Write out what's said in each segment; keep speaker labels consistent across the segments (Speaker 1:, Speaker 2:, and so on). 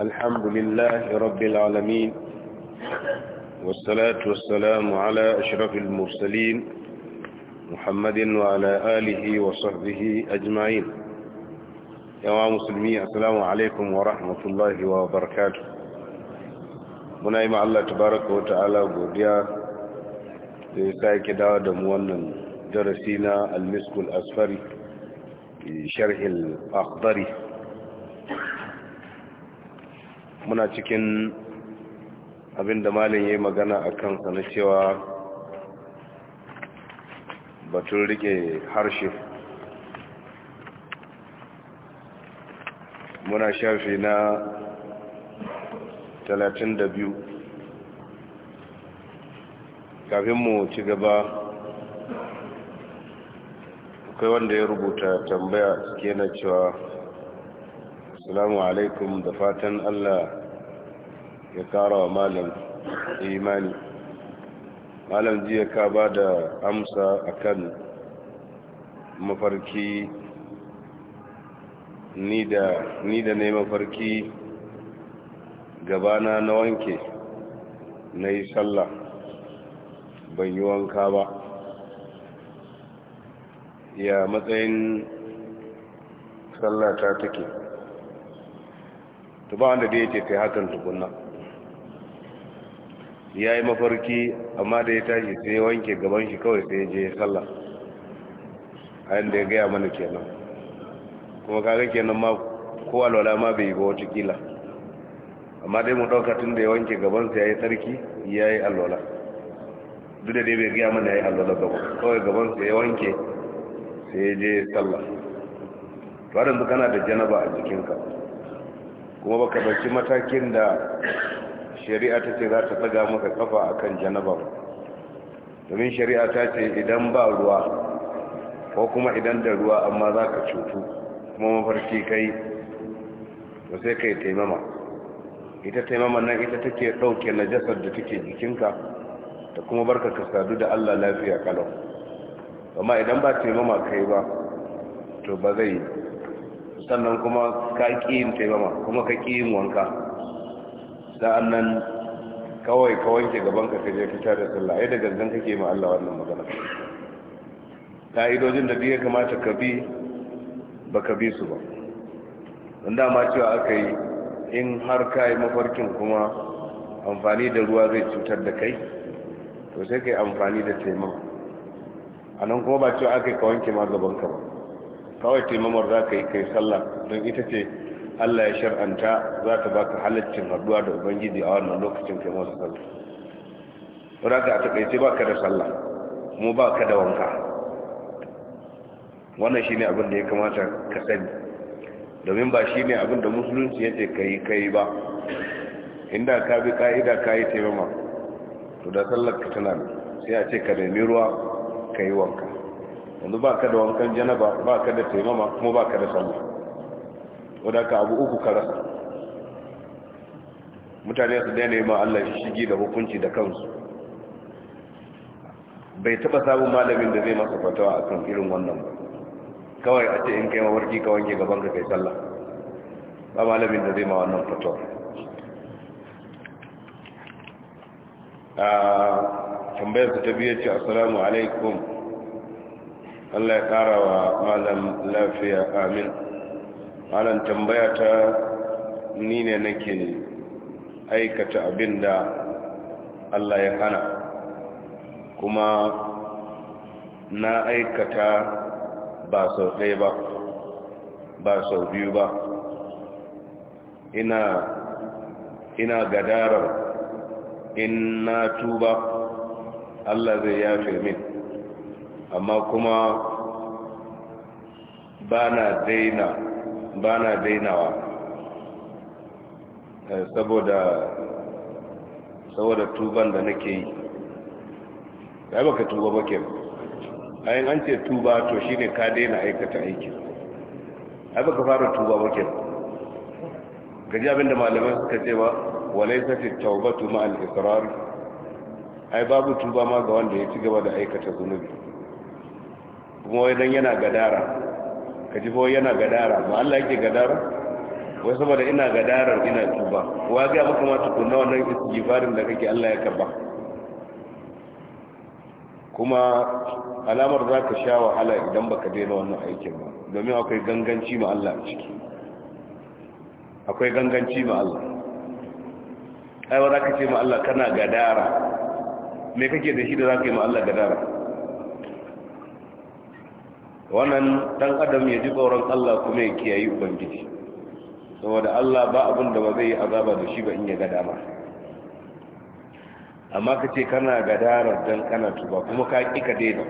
Speaker 1: الحمد لله رب العالمين والصلاة والسلام على أشرف المرسلين محمد وعلى آله وصحبه أجمعين يا مسلمين السلام عليكم ورحمة الله وبركاته من أيما الله تبارك وتعالى ta'ala godiya داود ya درسينا المسك الأسفري شرح wannan muna cikin abin da malin ya yi magana a kansa na cewa batun rike harshe muna shafi na talatin da biyu kafin mu ci gaba akwai wanda ya rubuta tambaya suke na cewa Assalamu alaikum da fatan Allah ya kara wa malam imani. Malam jiya ka ba da amsa akan mafarki ni da ne mafarki gabana na wanke na yi sallah ban yi wanka ba ya matsayin sallata take to ba wanda da ya ce kai hakan tukunna ya yi mafarki amma da ya tashi sai wanke gaban shi kawai sai ya je sallah a yadda ya gaya mana kenan kuma kaga kenan ma ko lola ma bai yi ba wata kila amma dai mu ɗauka tun da ya wanke gabansa ya yi tsarki ya yi allola duk da dai bai gaya mana ya yi allola gaba kawai gabansa ya wanke sai ya je sallah to kana da janaba a jikinka kuma baka dauki matakin da shari'a ta ce za ta tsaga maka kafa kan janaba domin shari'a ta ce idan ba ruwa ko kuma idan da ruwa amma za ka cutu kuma mafarki kai ba sai ka yi taimama ita taimama nan ita take na najasar da take jikinka da kuma barka ka sadu da allah lafiya kalau amma idan ba taimama kai ba to ba zai yi sannan kuma ka ƙi yin taimama kuma ka ƙi yin wanka sa'an nan kawai ka wanke gaban ka je fitar da sallah da gandun kake ma Allah wannan magana ka'idojin da ya kamata ka bi ba ka bi su ba don dama cewa aka yi in har ka yi mafarkin kuma amfani da ruwa zai cutar da kai to sai ka yi amfani da taimama a nan kuma ba cewa aka yi ka wanke ma gaban ka ba kawai taimamar za ka yi kai sallah don ita ce allah ya shar'anta za ta baka halaccin haduwa da ubangiji a wannan lokacin kai masu sallah wadda ka a takaice ba ka da sallah mu ba ka da wanka wannan shi ne abin da ya kamata ka sani domin ba shi ne abin da musulunci ya ce ka yi ka yi ba inda ka bi ka'ida ka yi taimama to da sallar ka tana sai a ce ka nemi ruwa ka yi wanka yanzu ba ka da wankan janaba ba ka da taimama kuma ba ka da sallah wadda ka abu uku ka rasa mutane su daina yi ma Allah shigi da hukunci da kansu bai taba sabon malamin da zai masa fatawa kan irin wannan ba kawai a ce in kai mawarki ka wanke gaban ka kai sallah ba malamin da zai ma wannan fatawa a ah, tambayar ta biyar ce assalamu alaikum Allah ya ƙara wa malam lafiya amin malam tambaya ta ni ne nake aikata abin da Allah ya hana kuma na aikata ba sau ɗaya ba ba sau biyu ba ina ina gadarar in na tuba Allah zai yafe min amma kuma ba na daina ba dainawa eh, saboda saboda tuban da nake yi ya yi baka tuba bakin ayin an ce tuba to shi ne ka daina aikata aiki ya baka fara tuba bakin gaji abinda malamai suka ce ba walai sati taubatu ma'al israri ai babu tuba ma ga wanda ya ci gaba da aikata zunubi kuma wai dan yana gadara ka ji wai yana gadara ba Allah yake gadara wai saboda ina gadaran ina tuba wa ga maka ma na wannan istighfarin da kake Allah ya kaba kuma alamar za ka sha wahala idan baka daina wannan aikin ba domin akwai ganganci ma Allah a ciki akwai ganganci ma Allah ai wa za ka ce ma Allah kana gadara me kake da shi da za ka yi ma Allah gadara wannan dan adam ya ji tsoron Allah kuma ya kiyaye ubangiji saboda Allah ba abin da ba zai yi azaba da shi ba in ya gada dama amma ka ce kana gadarar dan kana tuba kuma ka kika ka daina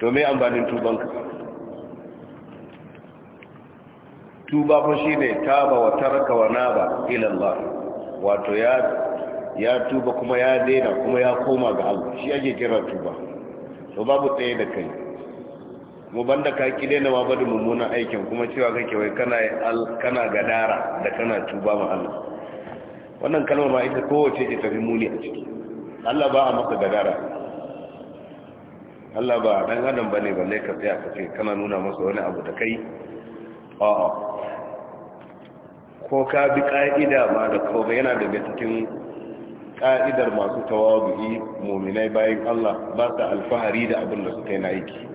Speaker 1: to me amfanin tubanka tuba fa ne taba wa taraka wa naba ila Allah wato ya ya tuba kuma ya daina kuma ya koma ga Allah shi ake kira tuba to babu tsaye da kai kuma banda ka ki daina ma bada mummunan aikin kuma cewa kake wai kana kana gadara da kana tuba ma Allah wannan kalma ma ita kowace ce tafi muni a ciki Allah ba a maka gadara Allah ba dan adam bane balle ka tsaya ka ce kana nuna masa wani abu da kai a'a ko ka bi ka'ida ma da kawai yana daga cikin ka'idar masu tawabi mu'minai bayan Allah ba ta alfahari da abin da suka yi na aiki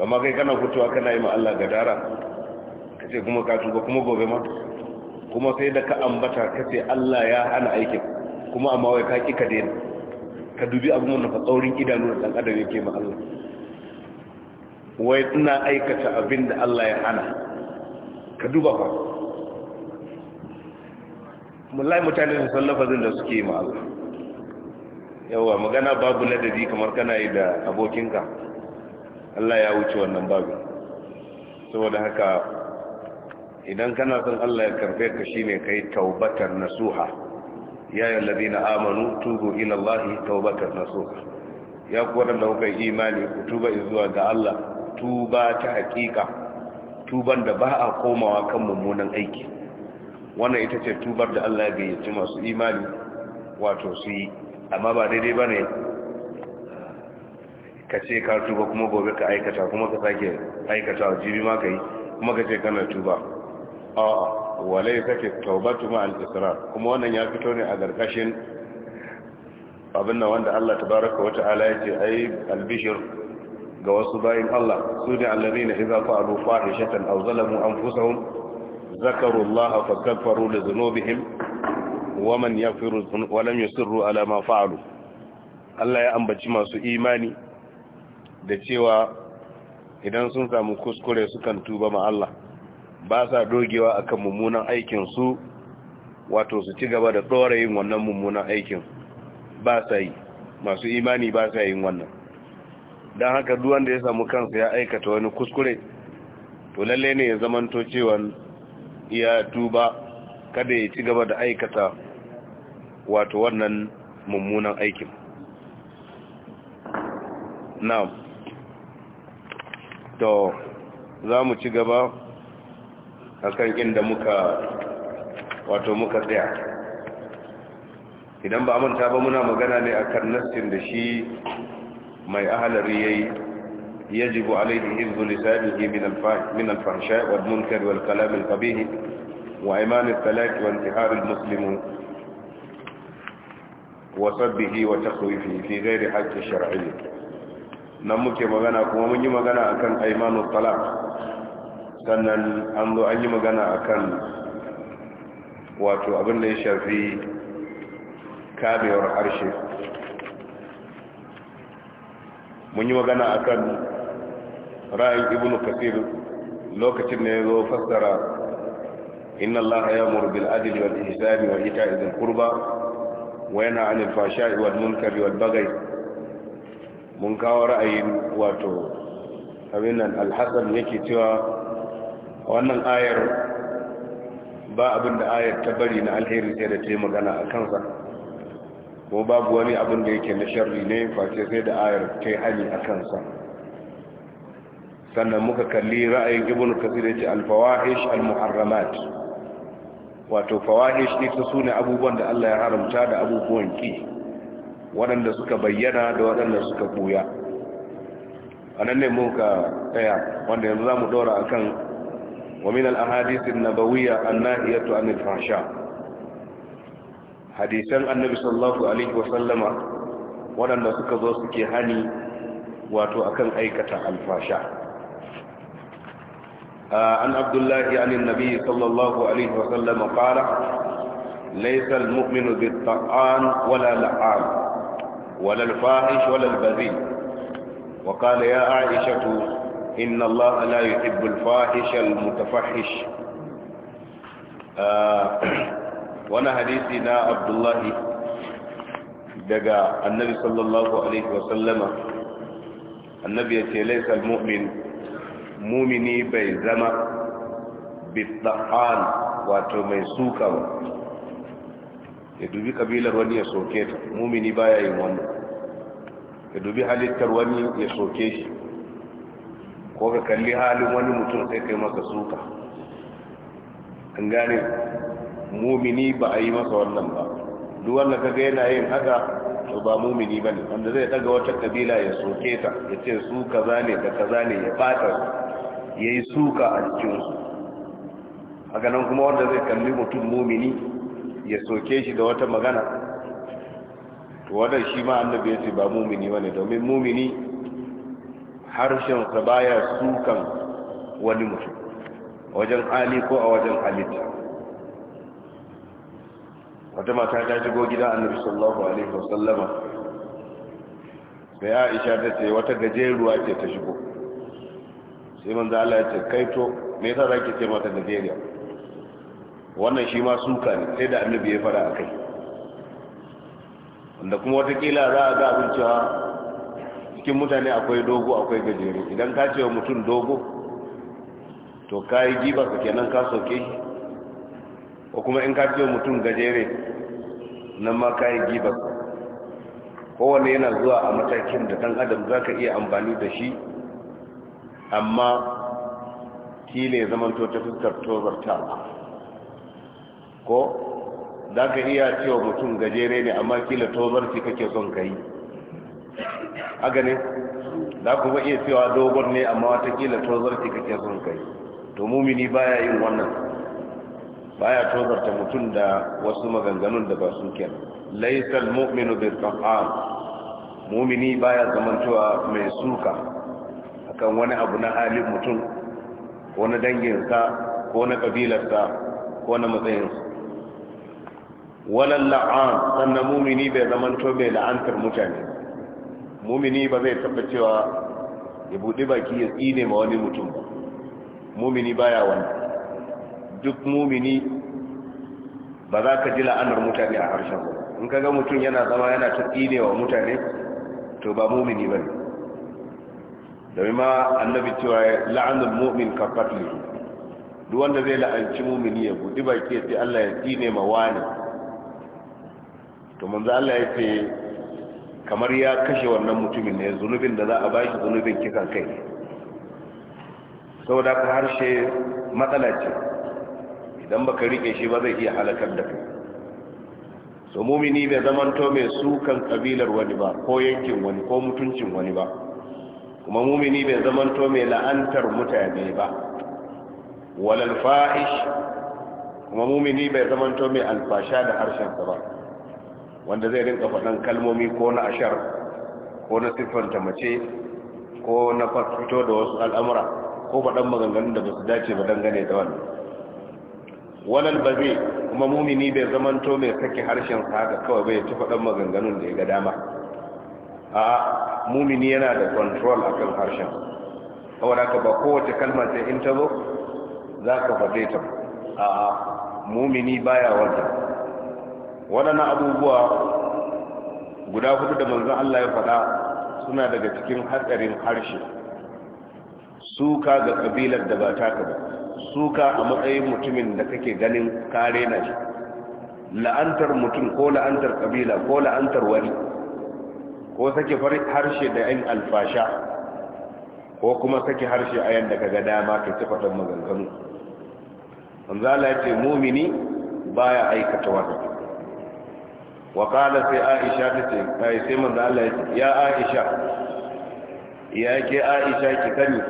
Speaker 1: amma kai kana fitowa kana yi ma Allah gadara kace kuma ka tuba kuma gobe ma kuma sai da ka ambata kace Allah ya hana aikin kuma amma wai ka ki ka daina ka dubi abin nan fa tsaurin idanu da dan adam yake ma Allah wai ina aikata abin da Allah ya hana ka duba fa mullahi mutane su sallafa zin da suke ma Allah yawa magana babu ladabi kamar kana yi da abokinka Allah ya wuce wannan babin saboda haka idan kana son Allah ya karbe ka shine kai taubatar nasuha ya ayyuhal ladina amanu tubu ila Allah taubatar nasuha ya ku da kuka imani ku tuba zuwa ga Allah tuba ta hakika tuban da ba a komawa kan mummunan aiki wannan ita ce tubar da Allah ya gayyaci masu imani wato su yi amma ba daidai bane ka ce ka tuba kuma gobe ka aikata kuma ka sake aikata jibi ma ka yi kuma ka ce kana tuba a'a walai sake taubatu ma al isra kuma wannan ya fito ne a garkashin abin nan wanda Allah tabaraka wata'ala ya ce ai albishir ga wasu bayin Allah su ne allazina idza fa'alu fahishatan aw zalamu anfusahum zakaru Allah kaffaru li dhunubihim wa man yaghfiru wa lam yusirru ala ma fa'alu Allah ya ambaci masu imani da cewa idan sun samu kuskure sukan tuba ma Allah ba sa dogewa akan mummunan aikin su wato su ci gaba da tsora yin wannan mummunan aikin ba sa yi masu imani ba sa yin wannan don haka duwanda ya samu kansu ya aikata wani kuskure to lalle ne ya zamanto cewa ya tuba kada ya ci gaba da aikata wato wannan mummunan aikin na'am to za mu ci gaba a kan inda muka wato muka tsaya idan ba manta ba muna magana ne a kan nassin da shi mai ahalari ya yi yajibu alaihi hizbu lisanihi min alfahsha wal munkar wal kalam al qabih wa iman al talaq wa intihar al muslim wa sabbihi wa takhwifihi fi ghairi haqqi shar'i nan muke magana kuma mun yi magana akan aimanul talaq sannan an zo an yi magana akan wato abin da ya shafi kamewar harshe mun yi magana akan ra'ayin ibnu kasir lokacin da ya zo fassara inna allaha ya'muru bil adli wal ihsani wa ita'i dhil qurba wa yanha 'anil fahsha'i wal munkari wal baghi mun kawo ra'ayin wato abin nan alhassan yake cewa wannan ayar ba abin da ayar ta bari na alheri sai da ta yi magana a kansa ko babu wani abin da yake na sharri ne face sai da ayar ta yi hali a kansa sannan muka kalli ra'ayin ibn kasir yace al alfawahish al-muharramat wato fawahish ne su ne abubuwan da Allah ya haramta da abubuwan ki waɗanda suka bayyana da waɗanda suka buya a nan ne muka tsaya wanda yanzu za mu ɗora a kan wamin al'ahadisin na bawiya an na'iyatu an fasha hadisan annabi sallallahu alaihi wasallama waɗanda suka zo suke hani wato akan aikata alfasha an abdullahi anin nabi sallallahu alaihi wasallama ƙara laisal mu'minu bi ta'an wala la'an ولا الفاحش ولا البذيء وقال يا عائشة إن الله لا يحب الفاحش المتفحش آه، وانا حديثنا عبد الله دقا النبي صلى الله عليه وسلم النبي يقول ليس المؤمن مؤمني بيزما بالطحان واتو ميسوكا ya dubi kabilar wani ya soke ta mumini baya yin wani. ya dubi halittar wani ya soke shi ko ka kalli halin wani mutum sai kai masa suka an gane mumini ba a yi masa wannan ba duk wanda ka ga yana yin haka to ba mumini ba ne wanda zai daga wata kabila ya soke ta ya ce su kaza ne da kaza ne ya fata ya yi suka a cikinsu a ganin kuma wanda zai kalli mutum mumini ya soke shi da wata magana to wannan shi ma annabi ya ce ba mumini bane domin mumini harshensa baya sukan wani mutum wajen ali ko a wajen halitta wata mata ta shigo gida annabi sallallahu alaihi wasallama sai aisha ta ce wata gajeruwa ce ta shigo sai manzo Allah ya ce kaito me yasa zaki ce mata gajeruwa wannan shi ma suka ne sai da annabi ya fara akai wanda kuma watakila za a ga abin cewa cikin mutane akwai dogo akwai gajere idan ka ce mutum dogo to ka yi jiba ka kenan ka soke shi ko kuma in ka ce mutum gajere nan ma ka yi jiba kowane yana zuwa a matakin da ɗan adam za ka iya amfani da shi amma kile zamanto ta fuskar tozartawa ko za ka iya cewa mutum gajere ne amma kila tozarci kake son ka yi
Speaker 2: haka ne za kuma
Speaker 1: iya cewa dogon ne amma watakila tozarci kake son ka yi to mumini baya yin wannan baya tozarta mutum da wasu maganganun da ba su ke laisal mu'minu bil qur'an mumini baya zamantowa mai suka akan wani abu na halin mutum ko na danginsa ko na kabilarsa ko na matsayinsa walan la'an sannan mumini bai zaman to mai la'antar mutane mumini ba zai taba cewa ya buɗe baki ya tsine ma wani mutum ba mumini baya wani duk mumini ba za ka ji la'anar mutane a harshen ba in ka ga mutum yana zama yana ta tsine wa mutane to ba mumini ba ne domin ma annabi cewa la'anar mumin ka fatli duk wanda zai la'anci mumini ya buɗe baki ya ce allah ya tsine ma wani to manzo Allah ya ce kamar ya kashe wannan mutumin ne zunubin da za a bashi zunubin kisan kai saboda ka harshe matsala ce idan baka rike shi ba zai iya halakar da kai so mumini bai zamanto mai sukan kabilar wani ba ko yankin wani ko mutuncin wani ba kuma mumini bai zamanto mai la'antar mutane ba walal fa'ish kuma mumini bai zamanto mai alfasha da harshen ba wanda zai rinka faɗan kalmomi ko na ashar ko na siffanta mace ko na fito da wasu al'amura ko faɗan maganganun da ba su dace ba dangane da wani walal ba zai kuma mumini bai zamanto mai sake harshen haka kawai bai ci faɗin maganganun da ya ga dama a mumini yana da control akan harshen da ka ba kowace kalmar sai in ta zo za ka faɗe ta a mumini baya wanda waɗannan abubuwa guda hudu da manzan Allah ya faɗa suna daga cikin hatsarin harshe suka ga ƙabilar da ba taka ba suka a matsayin mutumin da kake ganin kare na shi la'antar mutum ko la'antar ƙabila ko la'antar wani ko sake harshe da yan alfasha ko kuma sake harshe a yadda ka ga dama ka ci fatan maganganu manzala ya ce mumini baya aikata wata waƙala sai aisha ta ce kai sai manzo ya aisha ya ke aisha ki sani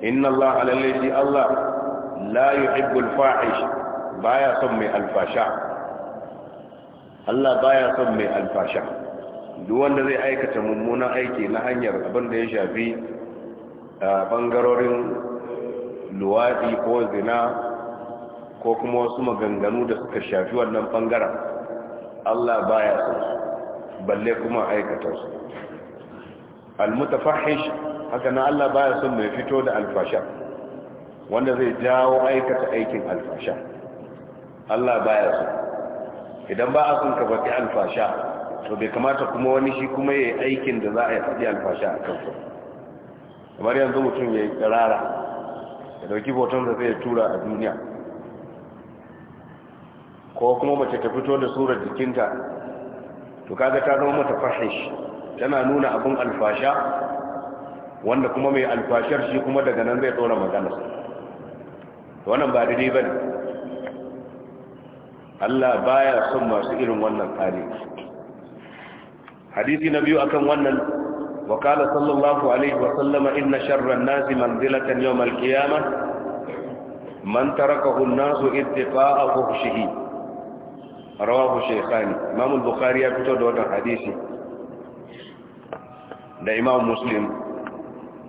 Speaker 1: inna Allah alallahi Allah la yuhibbul fahish baya son mai alfasha Allah baya son mai alfasha duk wanda zai aikata mummunan aiki na hanyar abin da ya shafi a bangarorin luwadi ko zina ko kuma wasu maganganu da suka shafi wannan bangaren Allah baya son su balle kuma aikata su almutafahish haka na Allah baya son mai fito da alfasha wanda zai jawo aikata aikin alfasha Allah baya son idan ba a son kafa faɗi alfasha to bai kamata kuma wani shi kuma yayi aikin da za a yi faɗi alfasha a kansa kamar yanzu mutum ya yi tsirara ya dauki hoton da zai tura a duniya ko kuma mace ta fito da surar jikinta to kaga ta zama mata fahish tana nuna abin alfasha wanda kuma mai alfashar shi kuma daga nan zai tsora magana wannan ba daidai ba ne Allah baya son masu irin wannan tsari hadisi na biyu akan wannan wakala sallallahu alaihi wa sallama inna sharran nasi manzilatan yawmal qiyamah man tarakahu an-nasu ittiqa'a fuhshihi rawahu shaykhani imam al-bukhari ya fito da wannan hadisi da imam muslim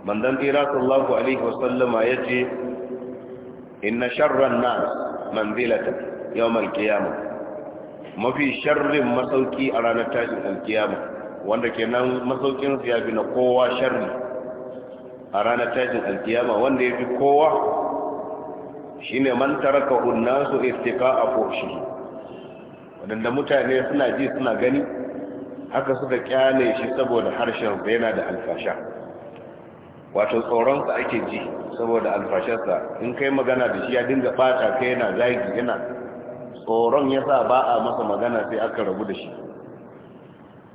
Speaker 1: Mandan tsira sallallahu alaihi wasallama yace inna sharran nas manzilata yawm al-qiyamah mafi sharrin masauki a ranar tashin al-qiyamah wanda kenan masaukin su yafi na kowa sharri a ranar tashin al-qiyamah wanda yafi kowa shine man taraka an-nasu istiqa'a fuhshihi waɗanda mutane suna ji suna gani haka suka kyale shi saboda harshen yana da alfasha wato tsoronsa ake ji saboda alfasharsa in kai magana da shi ya dinga bata kai yana zagi yana tsoron ya sa ba a masa magana sai aka rabu da shi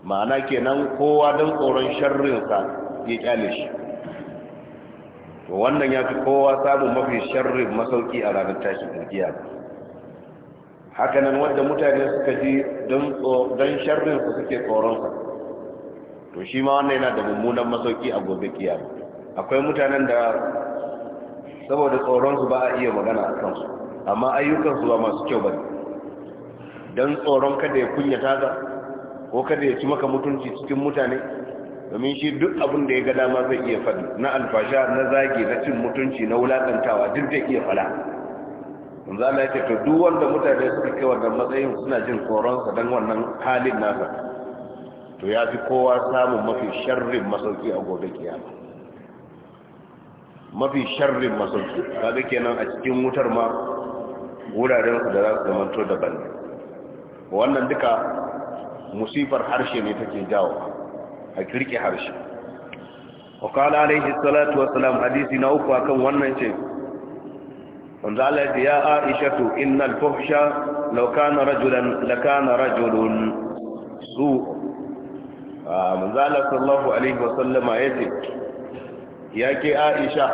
Speaker 1: ma'ana kenan kowa don tsoron sharrinsa ya kyale shi wannan ya fi kowa samun mafi sharrin masauki a ranar tashin kiyama hakanan wanda mutane suka ji don sharrin su suke tsoronsa to shi ma wannan yana da mummunan masauki a gobe kiyama akwai mutanen da saboda tsoronsu ba a iya magana a kansu amma ayyukansu ba masu kyau ba don tsoron kada ya kunya taza, ko kada ya ci maka mutunci cikin mutane domin shi duk abin da ya ga dama zai iya faɗi na alfasha na zagi na cin mutunci na wulaƙantawa duk zai iya fala. za ya yake to duk wanda mutane suka kai wannan matsayin suna jin tsoronsa don wannan halin nasa to ya fi kowa samun mafi sharrin masauki a gobe kiyama mafi sharrin masauki da kenan a cikin wutar ma wuraren su da za su zamanto daban wannan duka musifar harshe ne take jawo a kirki harshe salatu wa salam Hadisi na uku akan wannan ce wanzu Allah ya ya Aisha to innal fuhsha law kana rajulan lakana rajulun su manzo Allah sallallahu alaihi sallama yace yake Aisha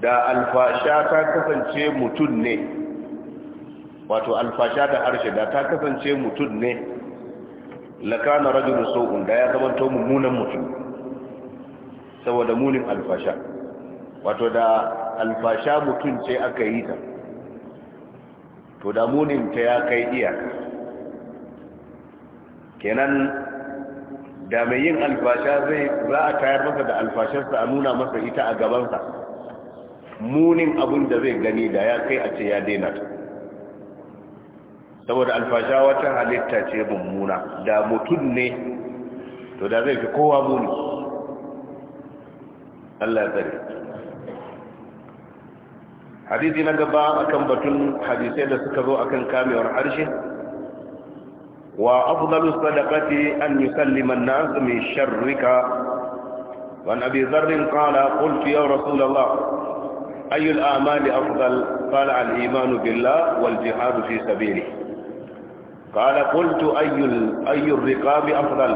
Speaker 1: da alfasha ta kasance mutun ne wato alfasha da harshe da ta kasance mutun ne lakana rajulun su'un da ya zama to mummunan mutum saboda munin alfasha wato da alfasha mutum ce aka yi ta to da muninta ya kai iyaka kenan
Speaker 2: da mai yin alfasha zai za a tayar masa da
Speaker 1: alfasharsa a nuna masa ita a gabansa munin abin da zai gani da ya kai a ce ya daina ta saboda alfasha wata halitta ce mummuna da mutum ne to da zai fi kowa muni Allah ya tsare hadisi na gaba akan batun hadisai da suka zo akan kamewar harshe wa afdalu sadaqati an yusallima an-nas min sharrika wa an abi dharr qala qultu ya rasul allah ayu al-a'mal afdal qala al-iman billah wal jihad fi sabili qala qultu ayu ayu ar-riqab afdal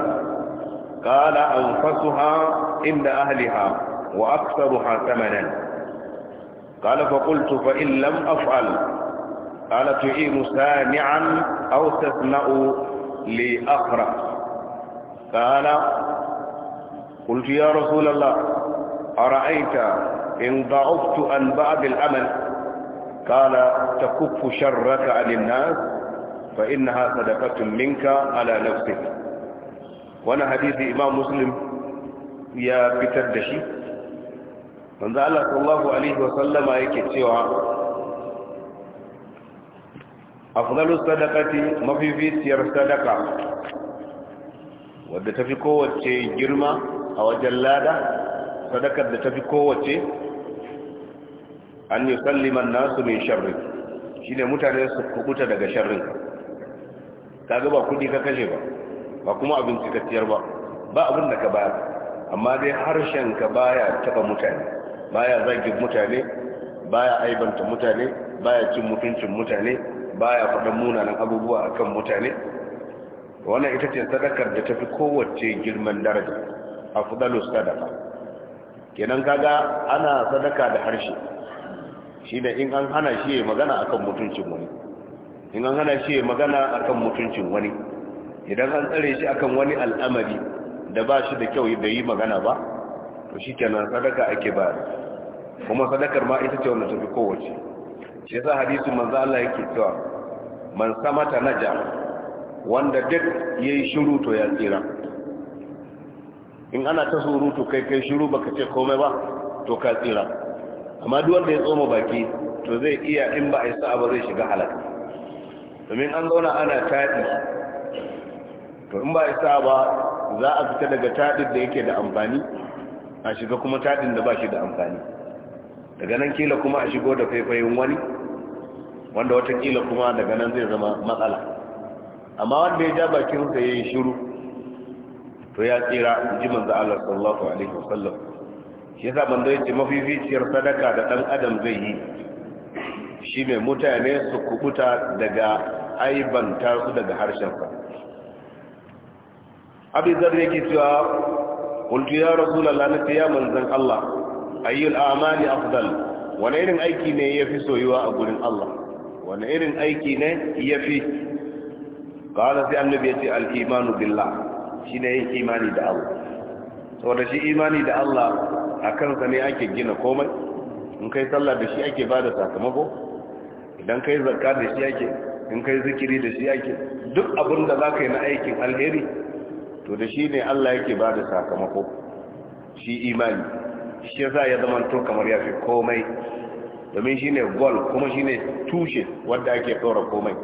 Speaker 1: qala anfasuha inda ahliha wa aktharuha thamanan قال فقلت فإن لم أفعل قال تعين سامعا أو تسمع لأخرى قال قلت يا رسول الله أرأيت إن ضعفت عن بعض الأمل قال تكف شرك عن الناس فإنها صدقة منك على نفسك وانا حديث إمام مسلم يا بتدشي wanda Allah sallallahu alaihi wa sallama yake cewa afdalu sadaqati siyar sadaka wadda tafi kowace girma a wajen lada sadakar da tafi kowace an yi salliman nasu mai sharri shi ne mutane su kukuta daga sharrin kaga ba kudi ka kashe ba ba kuma abinci ka ba ba abin da ka bayar amma dai harshen ka baya taba mutane baya zagin mutane baya aibanta mutane baya cin mutuncin mutane baya faɗin munanan abubuwa akan mutane wannan ita ce sadakar da tafi kowace girman daraja a fudalu sadaka kenan kaga ana sadaka da harshe shi da in an hana shi magana akan mutuncin wani in an hana shi magana akan mutuncin wani idan an tsare shi akan wani al'amari da ba shi da kyau da yi magana ba to shi kenan sadaka ake ba kuma sadakar ma ita ce wanda tafi kowace shi yasa hadisi manzo Allah yake cewa man samata naja wanda duk yayi shiru to ya tsira in ana ta surutu kai kai shiru baka ce komai ba to ka tsira amma duk wanda ya tsoma baki to zai iya in ba a yi sa'a ba zai shiga halaka domin an zauna ana taɗi to in ba a yi sa'a ba za a fita daga taɗin da yake da amfani a shiga kuma taɗin da ba shi da amfani daga nan kila kuma a shigo da faifayin wani wanda watakila kuma daga nan zai zama matsala amma wanda ya ja bakinsa ya yi shiru to ya tsira ji manzo Allah sallallahu alaihi wasallam shi yasa manzo ya ce mafificiyar sadaka da dan adam zai yi shi ne mutane su kubuta daga aibanta su daga harshensa abin zarri yake cewa kuntu ya rasulullah lalata ya manzan Allah ayyul amali afdal wani irin aiki ne ya fi soyuwa a gurin Allah wani irin aiki ne ya fi kawai sai annabi ya ce al'imanu billah shi ne yin imani da Allah saboda shi imani da Allah a kansa ne ake gina komai in kai sallah da shi ake ba da sakamako idan kai zakka da shi ake in kai zikiri da shi ake duk abin da za ka yi na aikin alheri to da shi ne Allah yake ba da sakamako shi imani shi yasa ya zama to kamar ya fi komai domin shine gol kuma shine tushe wanda ake dora komai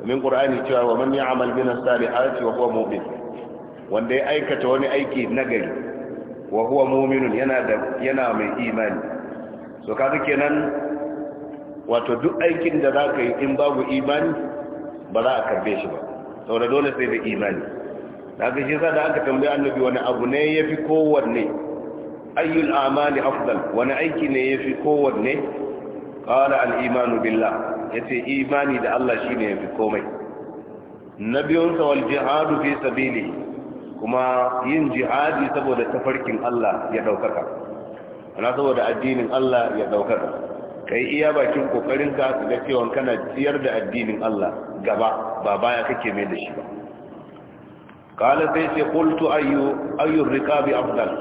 Speaker 1: domin ƙura'ani cewa wa man ya'mal min a salihati wa kuwa mu'min wanda ya aikata wani aiki nagari wa kuwa mu'minun yana yana mai imani so kaga kenan wato duk aikin da za ka yi in babu imani ba za a karbe shi ba da dole sai da imani da aka shi yasa da aka tambaye annabi wani abu ne ya fi kowanne ayyul amali afdal wani aiki ne yafi kowanne ƙara al imanu ya yace imani da Allah shine fi komai nabiyun wal jihadu fi sabili kuma yin jihadi saboda tafarkin Allah ya ɗaukaka, ana saboda addinin Allah ya ka yi iya bakin kokarin ka ga cewa kana ciyar da addinin Allah gaba ba baya kake mai da shi ba qala sai ce qultu ayyu ayyur afdal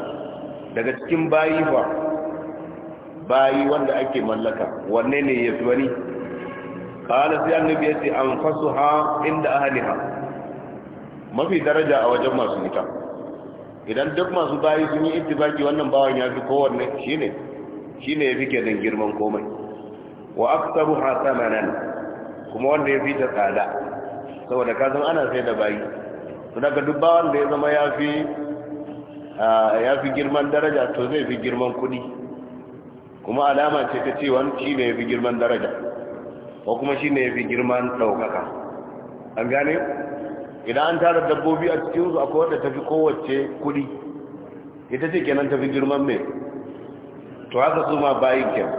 Speaker 1: daga cikin bayi ba bayi wanda ake mallaka wanne ne ya fi wani ƙala sai annabi ya ce an fasu ha inda ha mafi daraja a wajen masu wuta idan duk masu bayi sun yi ittifaki wannan bawan ya fi kowanne shine shine ya fi kenan girman komai wa aksaru ha nan? kuma wanda ya fi ta tsada saboda kasan ana sai da bayi su daga duk bawan da ya zama ya fi ya fi girman daraja to zai fi girman kudi kuma alama ce ta wani shi ne ya fi girman daraja ko kuma shi ne ya fi girman ɗaukaka an gane idan an tara dabbobi a cikin su akwai wadda ta fi kowace kudi ita ce kenan ta fi girman mai to haka su ma bayin kyan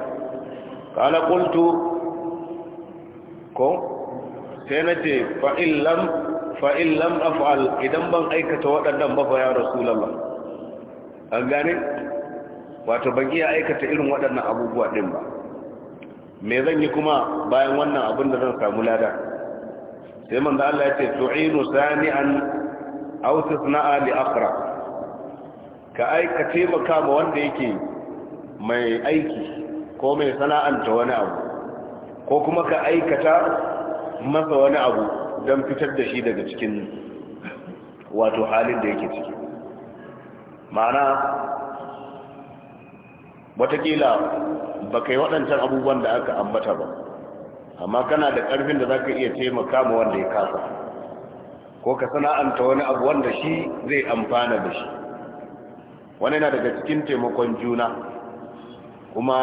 Speaker 1: kala kultu ko sai na ce fa'il lam af'al idan ban aikata waɗannan ba fa ya rasulallah an gane wato ban iya aikata irin waɗannan abubuwa ɗin ba me zan yi kuma bayan wannan abin da zan samu lada sai da Allah ya ce tu'inu sani'an aw tasna'a li aqra ka aika taimaka ba wanda yake mai aiki ko mai sana'anta wani abu ko kuma ka aikata masa wani abu don fitar da shi daga cikin wato halin da yake ciki ma'ana wataƙila ba kai waɗancan abubuwan da aka ambata ba amma kana da ƙarfin da za ka iya taimaka ma wanda ya kasa ko ka sana'anta wani abu wanda shi zai amfana da shi wani na daga cikin taimakon juna kuma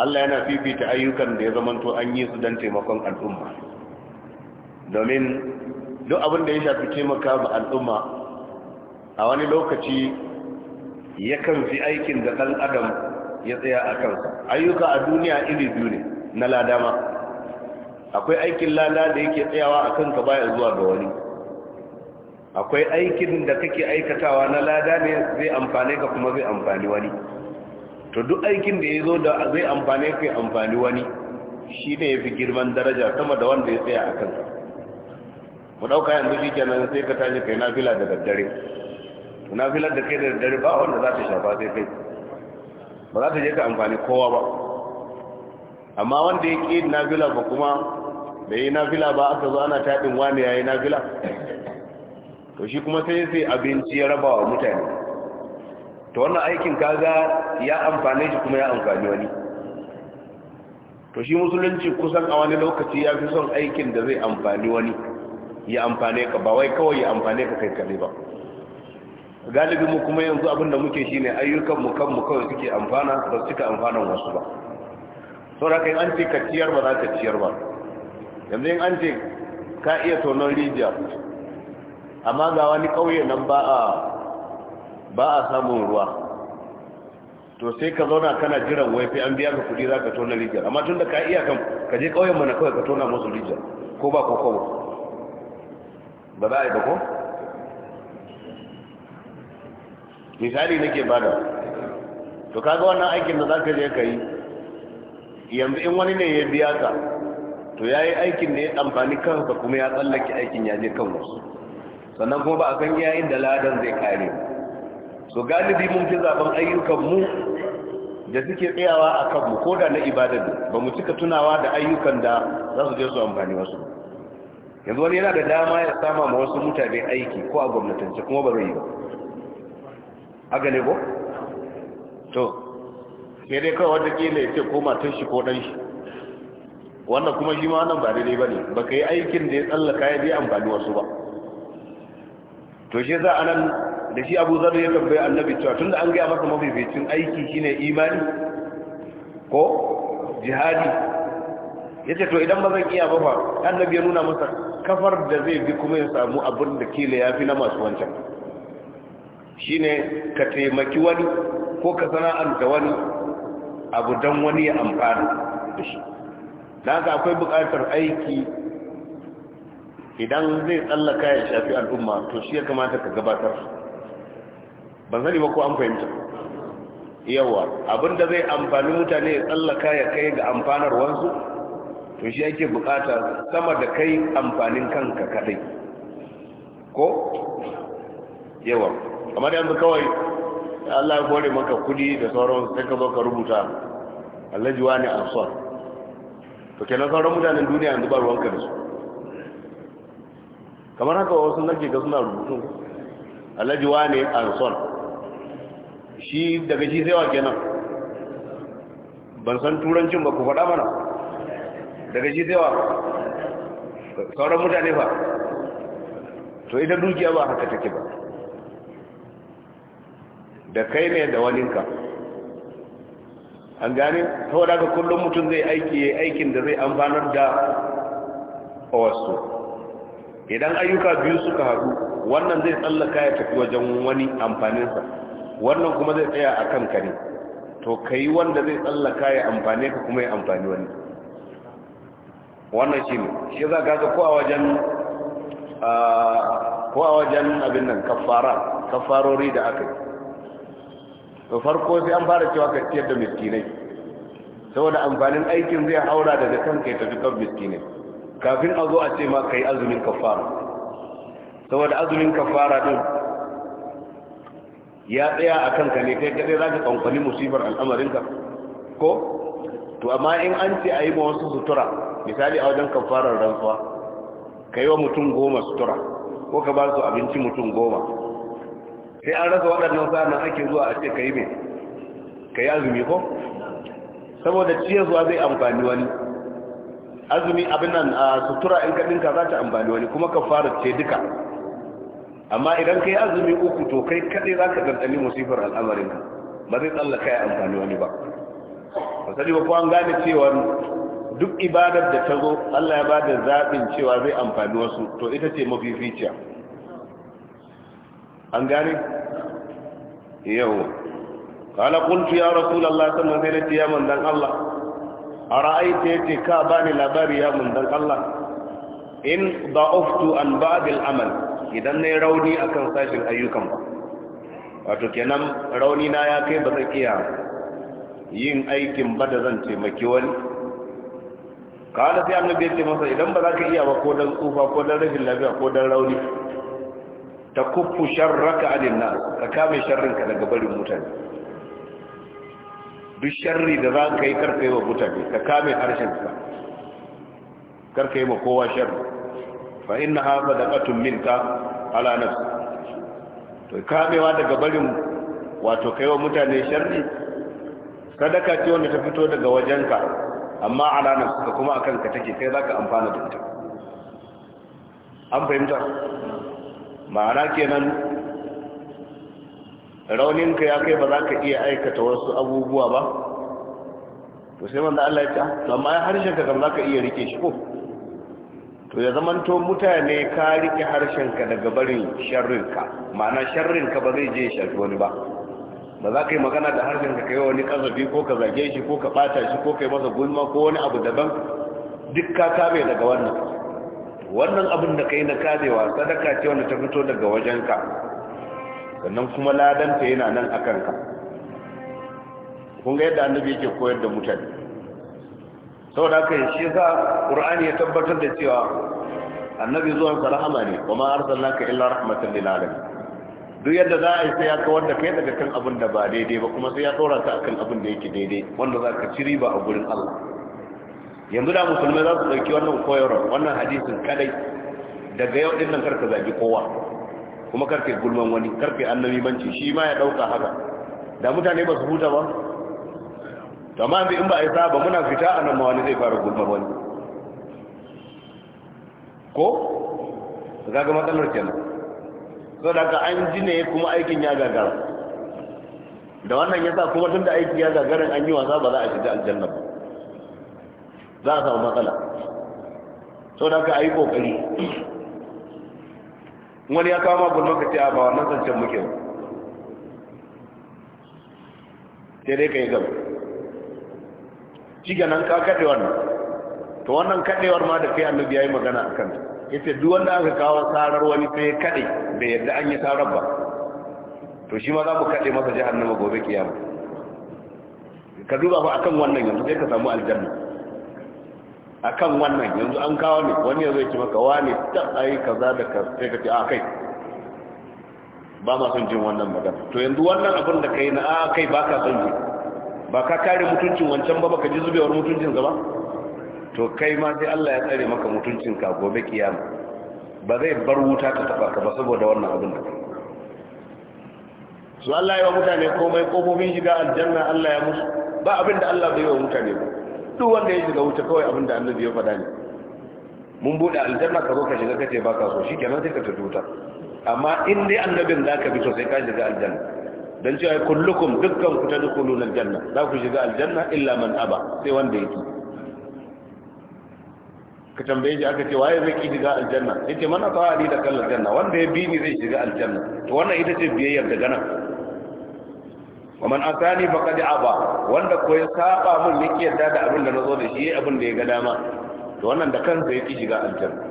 Speaker 1: allah yana fifita ayyukan da ya zamanto an yi su don taimakon al'umma domin duk abin da ya shafi taimaka ma al'umma a wani lokaci yakan fi aikin da ɗan adam ya tsaya a kansa ayyuka a duniya iri biyu ne na ladama akwai aikin lada da yake tsayawa a kanka baya zuwa ga wani akwai aikin da kake aikatawa na lada ne zai amfane ka kuma zai amfani wani to duk aikin da ya zo da zai amfane ka amfani wani shi ne ya fi girman daraja sama da wanda ya tsaya a kanka mu ɗauka yanzu shi kenan sai ka tashi kai na fila da daddare nafilar da kai da dare ba wanda za ta shafa sai kai ba za ta je ta amfani kowa ba amma wanda ya ƙi nafila ba kuma da yi nafila ba aka zo ana taɗin wani ya yi nafila to shi kuma sai sai abinci ya raba wa mutane to wannan aikin kaga ya amfane shi kuma ya amfani wani to shi musulunci kusan a wani lokaci ya fi son aikin da zai amfani wani ya amfane ka ba wai kawai ya amfane ka kai kare ba galibi mu kuma yanzu abin da muke shine ayyukan mu kanmu kawai suke amfana ba suka amfana wasu ba saboda kai an ce ka ciyar ba za ka ciyar ba yanzu in an ce ka iya tonon rijiya amma ga wani ƙauye nan ba a ba a samun ruwa to sai ka zauna kana jiran wai an biya ka kuɗi za ka tona rijiya amma tun da ka iya kan ka je ƙauyen mana kawai ka tona musu rijiya ko ba ko kowa ba za a yi ba ko misali nake bada to kaga wannan aikin da za je ka yanzu in wani ne ya biya ka to ya aikin ne amfani kansa kuma ya tsallake aikin ya je kan wasu sannan kuma ba a san iya inda ladan zai kare so galibi mun fi zaben ayyukanmu da suke tsayawa a kanmu ko da na ibadar ba mu cika tunawa da ayyukan da za su je su amfani wasu yanzu wani yana da dama ya sama ma wasu mutane aiki ko a gwamnatance kuma ba zai yi ba haka ne ko? to sai dai kawai wata kila ya ce ko matan shi ko ɗan shi wannan kuma shi ma nan ba daidai ba ne ba ka yi aikin da ya tsallaka ya dai amfani wasu ba to shi za a nan da shi abu zaru ya tambaye annabi cewa tun da an gaya masa mafificin aiki shine imani ko jihadi ya ce to idan ba zan iya ba ba annabi ya nuna masa kafar da zai bi kuma ya samu abin da kila ya fi na masu wancan Shi ne ka taimaki wani ko ka sana'anta wani abu don wani ya amfana da shi da haka akwai buƙatar aiki idan zai tsallaka ya shafi al'umma to shi ya kamata ka gabatar ban sani ba ko an fahimta yawa abinda zai amfani mutane ya tsallaka ya kai ga amfanar wansu to shi yake bukata sama da kai amfanin kanka kadai ko yawa kamar yanzu kawai Allah ya kore maka kudi da sauran sai ka zo ka rubuta Alhaji wani son to kenan sauran mutanen duniya yanzu ba ruwanka da su kamar haka wasu nake ga suna rubutu Alhaji wani ansor shi daga shi sai wa kenan ban san turancin ba ku faɗa mana daga shi sai wa sauran mutane ba to ita dukiya ba haka take ba da kai ne da waninka an gane saboda ga kullum mutum zai aiki ya aikin da zai amfanar da wasu idan ayyuka biyu suka haɗu wannan zai tsallaka ya tafi wajen wani amfaninsa wannan kuma zai tsaya a kan ka ne to ka yi wanda zai tsallaka ya amfane ka kuma ya amfani wani wannan shi ne shi za ka ga ko a wajen ah, ko a wajen abin nan kafara kafarori da aka yi to farko sai an fara cewa ka ciyar da miskinai saboda amfanin aikin zai haura daga kan kai tafi kan miskinai kafin a zo a ce ma ka yi azumin kafara saboda azumin kafara din ya tsaya a kanka ne kai kadai za ka kankwani musibar al'amarinka ko to amma in an ce a yi ma wasu sutura misali a wajen kafarar rantsuwa ka yi wa mutum goma sutura ko ka ba su abinci mutum goma sai an rasa waɗannan sa'anan ake zuwa a ce ka yi mai ka yi azumi ko saboda zuwa zai amfani wani azumi abin nan a sutura in kaɗinka za ta amfani wani kuma ka fara ce duka amma idan ka yi azumi uku to kai kaɗai za ka ɗanɗani musifar ka ba zai tsallaka ya amfani wani ba misali ba kuwa gane cewa duk ibadar da ta zo allah ya ba da zaɓin cewa zai amfani wasu to ita ce mafificiya an gane yau kala kuntu ya rasulallah ta manzana ya mandan Allah a ra'aita ya ce ka bani labari ya mandan Allah in da'uftu an ba'dil amal idan yi rauni akan sashin ayyukan ba wato kenan rauni na ya kai ba zai iya yin aikin ba da zan taimaki wani kala sai annabi ya ce masa idan ba za ka iya ba ko dan tsufa ko dan rashin lafiya ko dan rauni ta kuffu sharraka a na ka kame sharrinka daga barin mutane duk sharri da za ka yi karfe yi wa mutane ka kame harshenka ka yi wa kowa sharri fa haɓa da sadaqatun minka ala nafsi to kamewa daga barin wato kai wa mutane sharri sadaka ce wanda ta fito daga wajenka amma ala nafsi ka kuma a kanka take kai ka amfana da ita an fahimta ma'ana kenan rauninka ya kai ba za ka iya aikata wasu abubuwa ba to sai wanda Allah ya ce ah, amma ya harshen ka kan za ka iya rike shi ko to ya to mutane ka rike harshenka daga barin sharrinka ma'ana sharrinka ba zai je shi a wani ba ba za ka yi magana da harshenka ka yi wani kazabi ko ka zage shi ko ka bata shi ko kai masa gulma ko wani abu daban duk ka kame daga wannan wannan abin da kai na kadewa sadaka ce wanda ta fito daga wajenka sannan kuma ladanta yana nan a kanka kun yadda annabi yake koyar da mutane saboda haka shi yasa qur'ani ya tabbatar da cewa annabi zuwansa ka rahama ne kuma arsalnaka illa rahmatan lil alamin duk yadda za a yi sai ya kawar da kai daga kan abin da ba daidai ba kuma sai ya tsora ka akan abin da yake daidai wanda za ka ci riba a gurin Allah yanzu da musulmai za su ɗauki wannan koyarwar wannan hadisin kadai daga yau ɗin nan karka zagi kowa kuma karka gulman wani karka annabi manci shi ma ya ɗauka haka da mutane ba su huta ba to amma in ba a yi saba muna fita a nan ma wani zai fara gulmar wani ko daga ga matsalar kenan so da ka an ji ne kuma aikin ya gagara da wannan yasa kuma tun da aiki ya gagarin an yi wasa ba za a shiga aljanna ba za a samu matsala sau da ka a yi ƙoƙari wani ya kawo magun lokaci a bawa nan zancen muke ba sai dai ka yi gaba shi ganin ka kaɗe wannan to wannan kaɗewar ma da kai annabi ya yi magana a kanta ya ce duk wanda aka kawo sarar wani sai kaɗe da yadda an yi sarar ba to shi ma za mu kaɗe masa jihar nama gobe kiyama ka duba ba akan wannan yanzu sai ka samu aljanna akan wannan yanzu an kawo ne wani yanzu zai ce maka wani ta ayi kaza da ka sai ka ce a kai ba ma son jin wannan magana to yanzu wannan abin da kai na a kai ba ka son ji ba ka kare mutuncin wancan ba baka ji zubewar mutuncin ba to kai ma sai Allah ya tsare maka mutuncin ka gobe kiyama ba zai bar wuta ta taba ka ba saboda wannan abin da su Allah ya wa mutane komai kofofin shiga aljanna Allah ya musu ba abin da Allah bai wa mutane ba duk wanda ya shiga wuce kawai abin da annabi ya faɗa ne mun buɗe aljanna ka zo ka shiga kace ba ka so kenan sai ka tafi wuta amma in dai annabin za ka bi so sai ka shiga aljanna dan cewa kullukum dukkan ku ta na aljanna za ku shiga aljanna illa man aba sai wanda yake ka tambaye shi aka ce waye zai ki shiga aljanna yace mana ka ali da kallon janna wanda ya bi ni zai shiga aljanna to wannan ita ce biyayyar da gana wa man asani faqad aba wanda ko ya saba mun yake yarda da abin da nazo da shi abin da ya ga dama to wannan da kansa yake shiga aljanna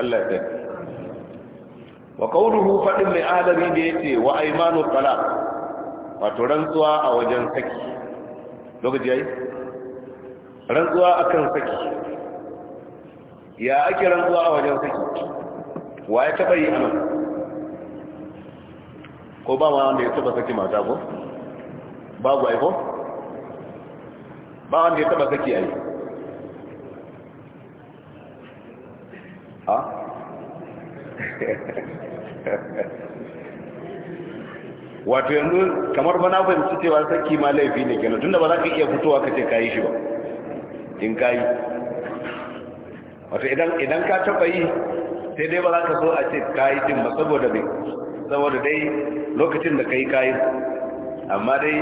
Speaker 1: Allah ya tsare wa qawluhu fadin mai adami da yace wa aymanu talaq wato rantsuwa a wajen saki lokaci yayi
Speaker 2: rantsuwa akan saki
Speaker 1: ya ake rantsuwa a wajen
Speaker 2: saki
Speaker 1: wa ya taba yi anan ko ba ma wanda ya taba saki mata ko babu aiko ba wanda ya taba saki ai ha wato yanzu kamar ba na fahimci cewa saki ma laifi ne kenan tunda ba za ka iya fitowa ka ce kayi shi ba in kayi wato idan ka taba yi sai dai ba za ka so a ce kayi din ba saboda saboda dai lokacin da kai kayi amma dai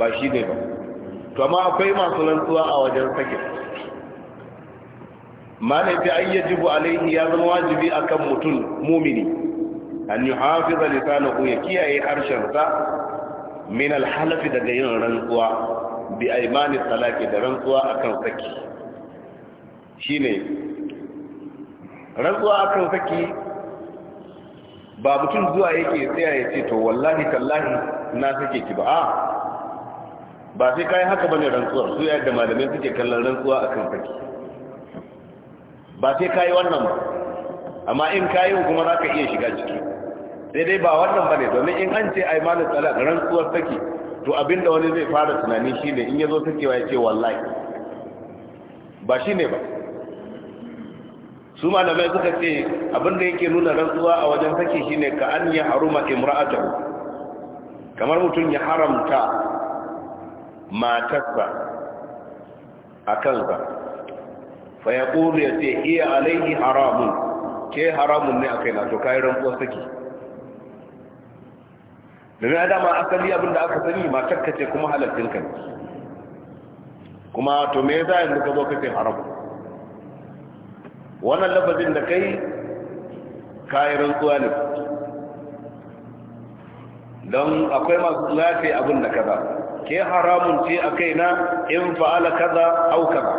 Speaker 1: ba shi ne ba to amma akwai masu rantsuwa a wajen sakin malafi an yajibu alaihi ya zama wajibi akan mutum mumini an yi hafiza na ya kiyaye harshensa min alhalafi daga yin rantsuwa bi aimanin talaki da rantsuwa akan saki shine rantsuwa akan saki ba mutum zuwa yake tsaya ya ce to wallahi tallahi na suke ki ba a ba sai kai haka bane rantsuwar su yadda malamai suke kallon rantsuwa akan saki ba sai kai wannan ba amma in kai kuma zaka iya shiga ciki sai dai ba wannan bane domin in an ce ai malu tsala rantsuwar saki to abinda wani zai fara tunani shine in yazo sakewa ya ce wallahi ba shine ba su malamai suka ce abinda yake nuna rantsuwa a wajen saki ne ka an ya haruma imra'atahu kamar mutum ya haramta matarsa a kansa fa ya ƙuru ya ce iya alaihi haramun ke haramun ne a kai na to yi rantsuwa saki na dama asali abinda aka sani matar ka ce kuma halattun ne kuma to me za yanzu ka zo ka ce haramun wannan lafazin da kai kayi rantsuwa ne don akwai masu zafi abin da kaza ke haramun ce a kaina in fa'ala kaza au kaza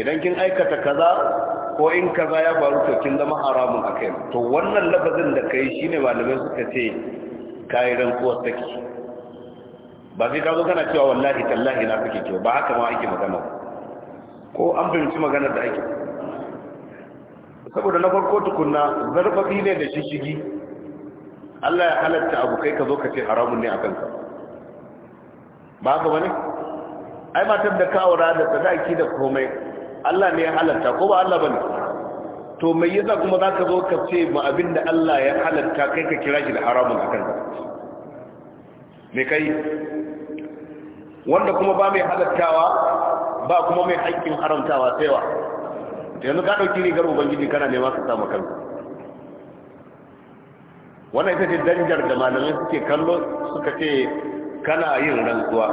Speaker 1: idan kin aikata kaza ko in kaza ya faru to kin zama haramun a kaina to wannan lafazin da kai shine malamai suka ce kayi rantsuwar take ba sai ka zo kana cewa wallahi tallahi na kake cewa ba haka ma ake magana ko an fahimci maganar da ake saboda na farko tukunna zarfafi ne da shishigi Allah ya halatta abu kai ka zo ka ce haramun ne a kanka ba haka bane ai matar da kawura da sadaki da komai Allah ne ya halatta ko ba Allah ba ne? to mai yasa kuma za ka zo ka ce ma abinda Allah ya halatta kai ka kira shi da haramun a kanka me kai wanda kuma ba mai halattawa ba kuma mai haƙƙin haramtawa sai yanzu ka ɗauki rigar ubangiji kana nema ka samu kanka wannan ita ce danjar da malamai suke kallo suka ce kana yin rantsuwa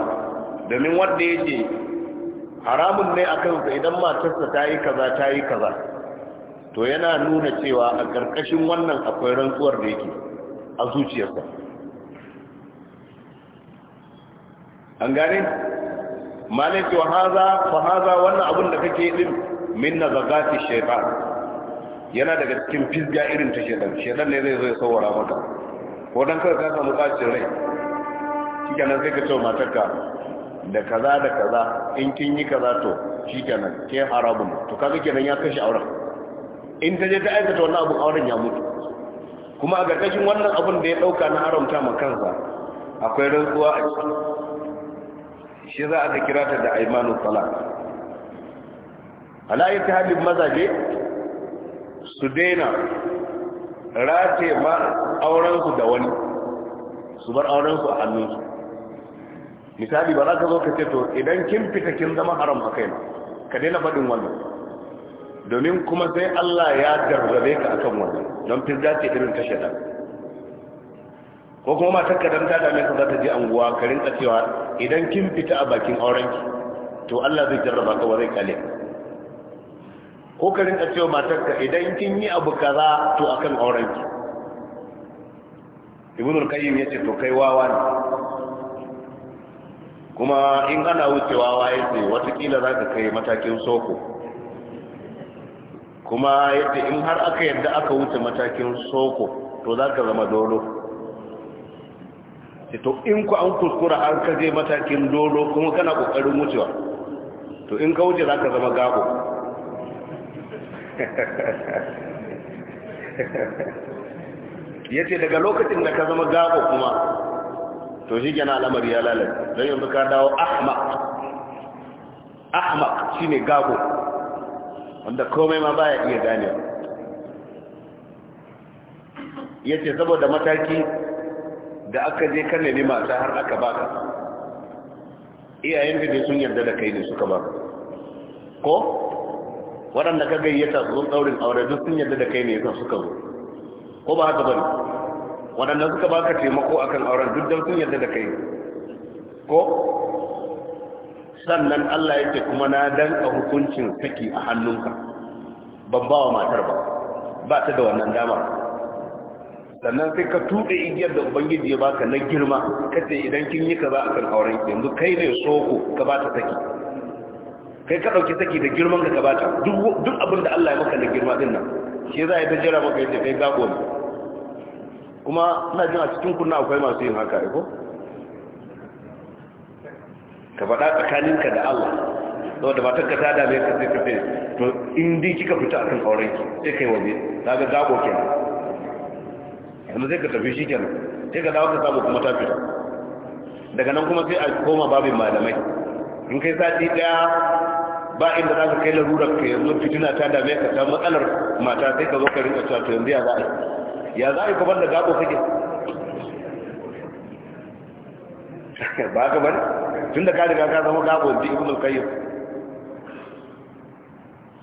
Speaker 1: domin wanda ya ce haramun ne a kansa idan matarsa ta yi kaza ta yi kaza to yana nuna cewa a ƙarƙashin wannan akwai rantsuwar da yake a zuciyarsa an gane malai cewa haza fa haza wannan abin da kake din min nazagati shaytan yana daga cikin fizga irin ta shaytan shaytan ne zai zo ya sawara maka ko dan kar ka samu bacin rai shikenan sai ka ce matarka da kaza da kaza in kin yi kaza to shikenan ke harabun to kaga kenan ya kashe auren in ta je ta aikata wannan abun auren ya mutu kuma a gargashin wannan abun da ya dauka na haramta ma kansa akwai rantsuwa a
Speaker 2: ciki
Speaker 1: shi za a ta kira ta da aimanu salat halayyar ta halin mazaje su daina rataye ma aurensu da wani su bar aurensu a hannunsu misali ba za ka zo ka ce to idan kin fita kin zama haram a kai ka daina faɗin wannan domin kuma sai Allah ya garzabe ka akan wannan don fi zace irin ta shaɗa ko kuma matar ka dan ta dame ka za ta je anguwa ka rinka cewa idan kin fita a bakin aurenki to Allah zai jarraba ka ba zai kale ko ka rinka cewa matarka idan kin yi abu kaza to akan auren ki ibnu al-qayyim yace to kai wawa ne kuma in ana wucewa waye ce watakila za ka kai matakin soko kuma yace in har aka yadda aka wuce matakin soko to za ka zama dolo to in ku an kuskura har ka je matakin dolo kuma kana kokarin wucewa to in ka wuce za ka zama gabo ya ce daga lokacin da ka zama gabo kuma to shi gina al'amari ya lalata don yanzu ka dawo ahmak ahmak shi ne gabo wanda komai ma baya iya gane ya ce saboda mataki da aka je kan nemi mata har aka baka iyayen da sun yarda da kai ne suka baka ko waɗanda ka gayyata su ɗaurin aure duk sun yadda da kai ne yasa suka zo ko ba haka bane waɗanda suka ba ka taimako akan auren duk da sun yadda da kai ko sannan Allah yake kuma na dan a hukuncin saki a hannunka ban ba wa matar ba ba ta da wannan dama sannan sai ka tuɗe igiyar da ubangiji ya baka na girma kace idan kin yi kaza akan auren yanzu kai ne soko ka ba ta saki kai ka ɗauki saki da girman ka gabata duk abin da Allah ya maka da girma din nan shi za ya tajjara maka ya ce kai gago ne kuma na jin a cikin kunna akwai masu yin haka ko ka faɗa tsakaninka da Allah saboda ba ta ta dame ka sai ka sai to in dai kika fita akan auren ki sai kai waje ga gago ke yanzu sai ka tafi shi kenan sai ka dawo ka samu kuma ta fita daga nan kuma sai a koma babin malamai in kai sati daya ba inda za ka kai larurar ka yanzu fitina ta dame ka ta matsalar mata sai ka zo ka rinka cewa to yanzu ya za a yi ya za a yi kuma da gabo kake ba ka bari tun da ka riga ka zama gabo yanzu ibn al-qayyim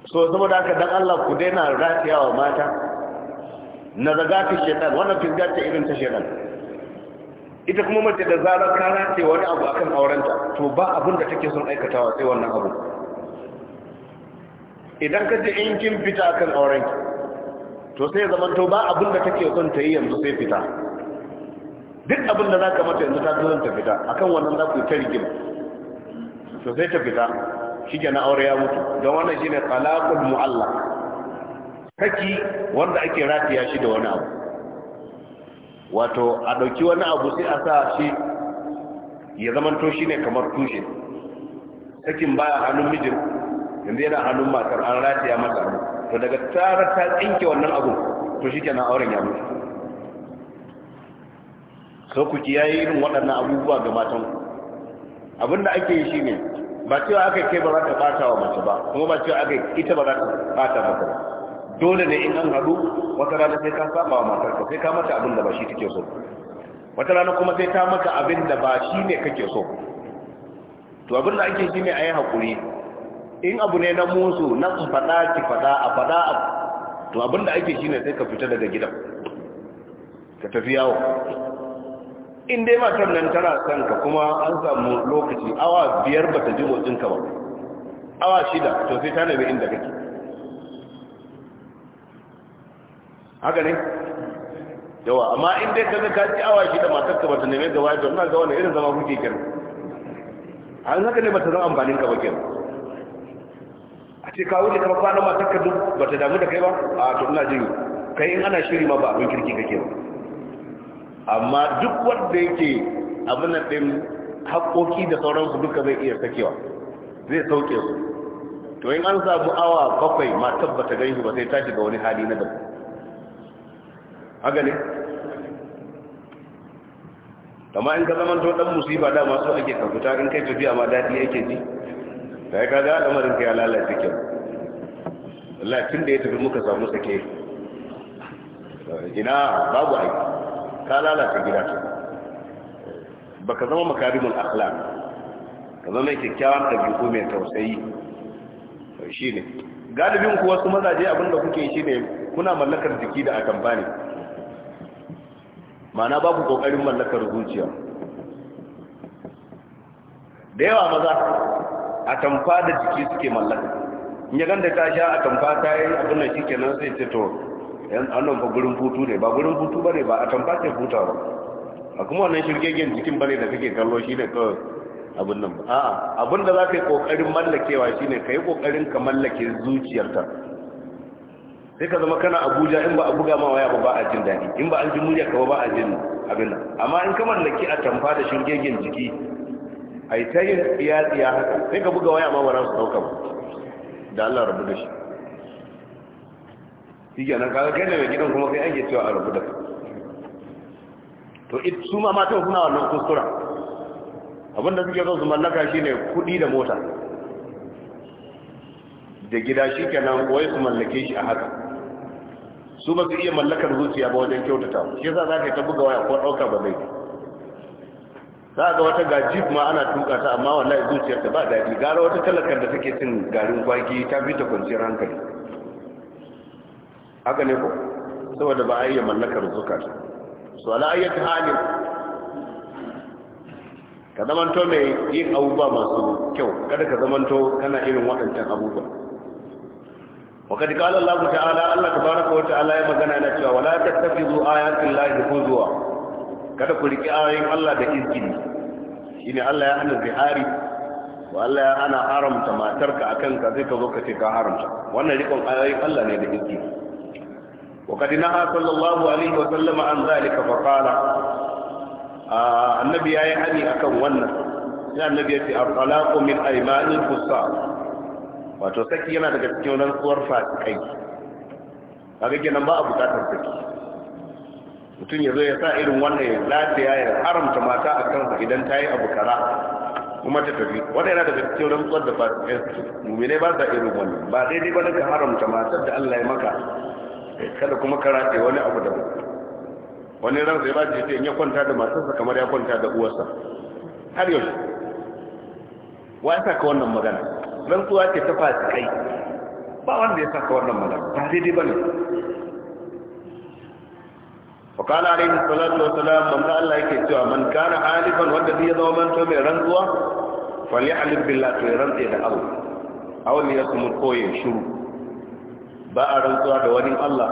Speaker 1: so saboda haka dan Allah ku daina ratiyawa mata na zaga ta shedan wannan fizgar ta irin ta shedan ita kuma mace da zarar ka race wani abu akan aurenta to ba abin da take son aikatawa sai wannan abu idan ka ji in kin fita akan aurenki to sai zaman to ba abin da take son ta yi yanzu sai fita duk abin da za ka mata yanzu ta zo ta fita akan wannan za ku yi ta rigima to sai ta fita shi ke na aure ya mutu don wannan shine talaqul mu'alla saki wanda ake rafiya shi da wani abu wato a ɗauki wani abu sai a sa shi ya zamanto shi ne kamar tushe sakin baya hannun mijin yanzu yana hannun matar an rati ya masa abu to daga tsara ta tsinke wannan abu to shi kenan auren ya mutu so ku yayi irin waɗannan abubuwa ga matan abin da ake yi shi ne ba cewa aka kai ba za ta ɓata wa mace ba kuma ba cewa aka ita ba za ta ɓata mata ba dole ne in an haɗu wata rana sai ka saba wa matarka sai ka mata abin da ba shi kake so wata rana kuma sai ta mata abin da ba shi ne kake so to abin da ake shi ne a yi haƙuri in abu ne na musu na faɗa ki faɗa a faɗa a to abin da ake shi ne sai ka fita daga gidan ka tafi yawo in dai matar nan tana son ka kuma an samu lokaci awa biyar ba ta ji motsinka ba awa shida to sai ta nemi inda kake haka ne yawa amma in dai kaga ka ci awa shi da matar ka bata neme ga wajen ina ga wani irin zama kuke kin an haka ne bata zama amfanin ka ba kin a ce kawo ne kama kwanan matar ka duk bata damu da kai ba a to ina jin kai in ana shiri ma ba abin kirki kake ba amma duk wanda yake abin nan din haƙoƙi da su duka zai iya sakewa zai sauke su to in an samu awa bakwai ma tabbata gani ba sai tashi ga wani hali na daban haka ne amma in ka zama to dan musiba da masu ake ka fita in kai tafiya ma dadi yake ji sai ka ga al'amarin ka ya lalace ke wallahi tun da ya tafi muka samu sake ina babu ai ka lalace gida baka zama makarimul akhlaq ka zama da biyu mai tausayi shine galibin ku wasu mazaje abinda kuke shi ne kuna mallakar jiki da akan bani mana babu kokarin mallakar zuciya da yawa maza a tamfa da jiki suke mallaka in ya ganda ta sha a tamfa ta yi abin da shi kenan sai ce to yan annon fa gurin hutu ne ba gurin hutu ba ne ba a tamfa ce huta ba a kuma wannan shirgegen jikin ba ne da kake kallo shi ne kawai abin nan ba a'a abin da za ka yi kokarin mallakewa shi ne ka yi kokarin ka mallake zuciyarka sai ka zama kana abuja in ba a buga ma waya ba ba a jin daɗi in ba an ji murya ka ba a jin abin nan amma in ka mallaki a tamfa da shingegen jiki a yi ta yin tsiya haka sai ka buga waya ma ba su ɗauka ba da allah rabu da shi shi ke nan kaga kai ne mai gidan kuma kai ake cewa a rabu da to su ma matan kuna wannan kuskura abinda suke zo su mallaka shine kuɗi da mota da gida shi kenan wai su mallake shi a haka su ba su iya mallakar zuciya ba wajen kyautata shi yasa za ka yi ta buga waya ko ɗauka ba zai za ga wata ga jeep ma ana tuka ta amma wallahi ta ba daɗi gara wata talakar da take cin garin kwaki ta fi ta kwanciyar hankali haka ne ko saboda ba a iya mallakar zukata su ala ayyata halin ka zamanto mai yin abubuwa masu kyau kada ka zamanto kana irin waɗancan abubuwa وقد قال الله تعالى الله تبارك وتعالى يا مغنا انا cewa wala tattakhidhu ayatil lahi huzwa kada ku riki ayoyin Allah da izgini shine Allah ya hana zihari wa Allah ya hana haramta matarka akan ka sai ka zo ka ce ka haramta wannan rikon ayoyin Allah ne da izgini وقد نهى صلى الله عليه وسلم عن ذلك فقال النبي يا هني akan wannan sai annabi ya ce at-talaqu min aymanil fusaq wato saki yana daga cikin rantsuwar fasikai kaga kenan ba a bukatar saki mutum ya zo ya sa irin wannan ya lati ya haramta mata a kansa idan ta yi abu kara kuma ta tafi wanda yana daga cikin rantsuwar da fasikai mumine ba sa irin wannan ba daidai ba daga haramta mata da Allah ya maka kada kuma kara wani abu da wani ran zai ba ce in ya kwanta da matarsa kamar ya kwanta da uwarsa har yau wa ya saka wannan magana rantsuwa ce ta fasikai ba wanda ya saka wannan magana ba daidai bane wa kana alaihi salatu wassalam manzo Allah yake cewa man kana alifan wanda zai zama manto mai rantsuwa alif billah to rantse da abu. A wani ya kuma koye shiru ba a rantsuwa da wani Allah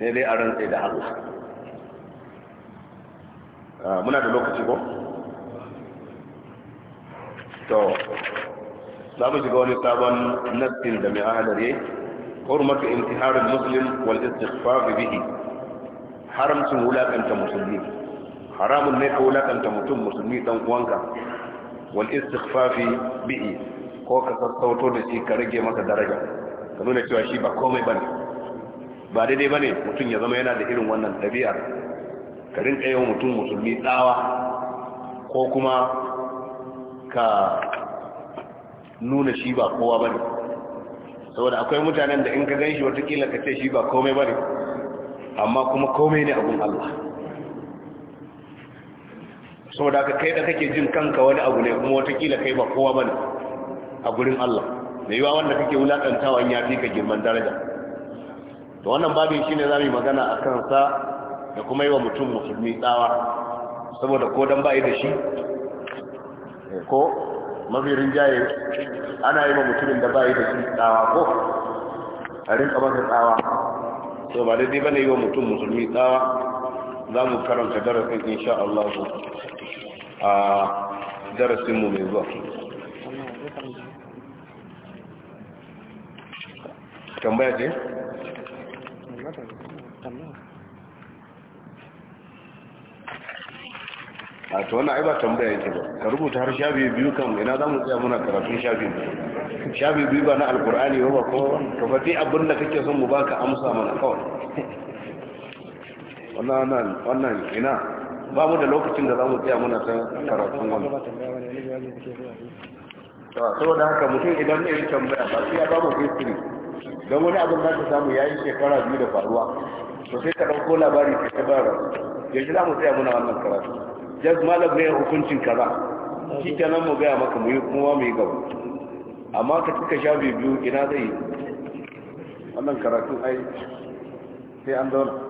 Speaker 1: sai dai a rantse da Allah ah, muna da lokaci ko to za mu shiga wani sabon nassin da mai ahalar yayi hurmatu intiharul muslim wal istighfar bihi haramcin wulakanta musulmi haramun ne ka wulakanta mutum musulmi dan uwanka wal istighfar bihi ko ka sassauto da shi ka rage masa daraja ka nuna cewa shi ba komai bane ba daidai bane mutum ya zama yana da irin wannan tabi'a ka rinka yawan mutum musulmi tsawa ko kuma ka nuna shi ba kowa ba ne saboda akwai mutanen da in ka gan shi watakila ka ce shi ba komai ba ne amma kuma komai ne abin Allah saboda ka kai da kake jin kanka wani abu ne kuma watakila kai ba kowa ba ne a gurin Allah da yiwa wanda kake wulakantawa ya fi ka girman daraja to wannan babin shi ne za mu yi magana a kansa da kuma yi wa mutum musulmi tsawa saboda ko don ba da shi ko mafi jaye ana yi ma mutumin da yi da sun tsawa ko a rinka masa tsawa so ba daidai bane yi wa mutum musulmi tsawa za mu karanta darasin insha Allah a darasin mu mai zuwa tambaya ce? a to wannan ai ba tambaya yake ba ka rubuta har shafi biyu kan ina za mu tsaya muna karatun shafi biyu shafi biyu ba na alkur'ani ba ba kowa ka faɗi abin da kake son mu baka amsa mana kawai wannan wannan ina
Speaker 2: ba mu da lokacin da za mu tsaya muna ta karatun wannan saboda haka mutum idan
Speaker 1: ne yi tambaya ba sai ya ba mu history don wani abin da ka samu yayi shekara biyu da faruwa to sai ka ɗauko labari ka ta bara yanzu za mu tsaya muna wannan karatu jaz malam ne hukuncin kaza shi kenan mu gaya maka muyi kuma mu yi gaba amma ka cika sha biyu
Speaker 2: ina zai wannan karatu ai sai an zauna